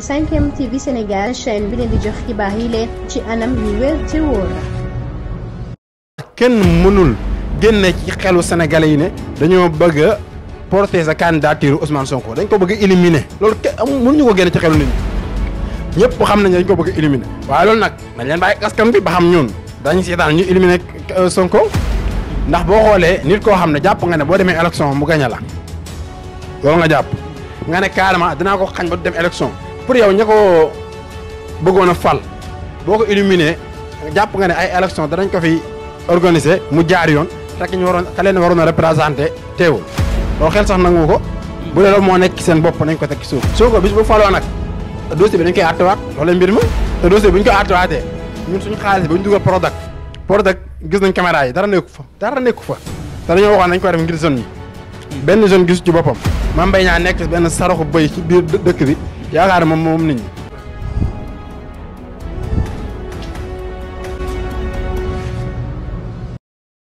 5M TV Sénégal chaîne bi leen di jox xibaar yi leen ci anam yu wér ci wóor. kenn mënul génne ci xelu sénégalais yi ne dañoo bëgg a porter sa candidature Ousmane Sonko dañ ko bëgg a lool loolu kenn mënuñu ko génne ci xelu nit ñi xam nañ dañ ko bëgg a éliminer nag dañ askan bi ba xam ñun dañ seetaan ñu éliminer euh, Sonko ndax boo xoolee nit koo xam ne jàpp nga ne boo demee élection mu gañ la loolu nga jàpp nga ne carrément dinaa ko xañ ba dem élection. pour yow ña ko bëggoon a fal boo ko éliminé jàpp nga ne ay élection danañ ko fi organiser mu jaar yoon te ñu waroon ka leen waroon a représenté teewul loolu xel sax nangu ko bu dee loolu moo nekk seen bopp nañ ko teg ci suuf soo ko bis bu faloo nag dossier bi dañ koy àttewaat loolu mbir ma te dossier bi bu ñu ko àttewaatee ñun suñ xaalis bi ñu dugal Prodac Prodac gis nañ caméra yi dara nekku fa dara nekku fa te dañoo waxoon nañ ko def ngir zone yi benn zone gisu ci boppam Mame Mbaye Niang nekk benn saraxu bëy ci biir dëkk bi yaakaar moom moom nit ñi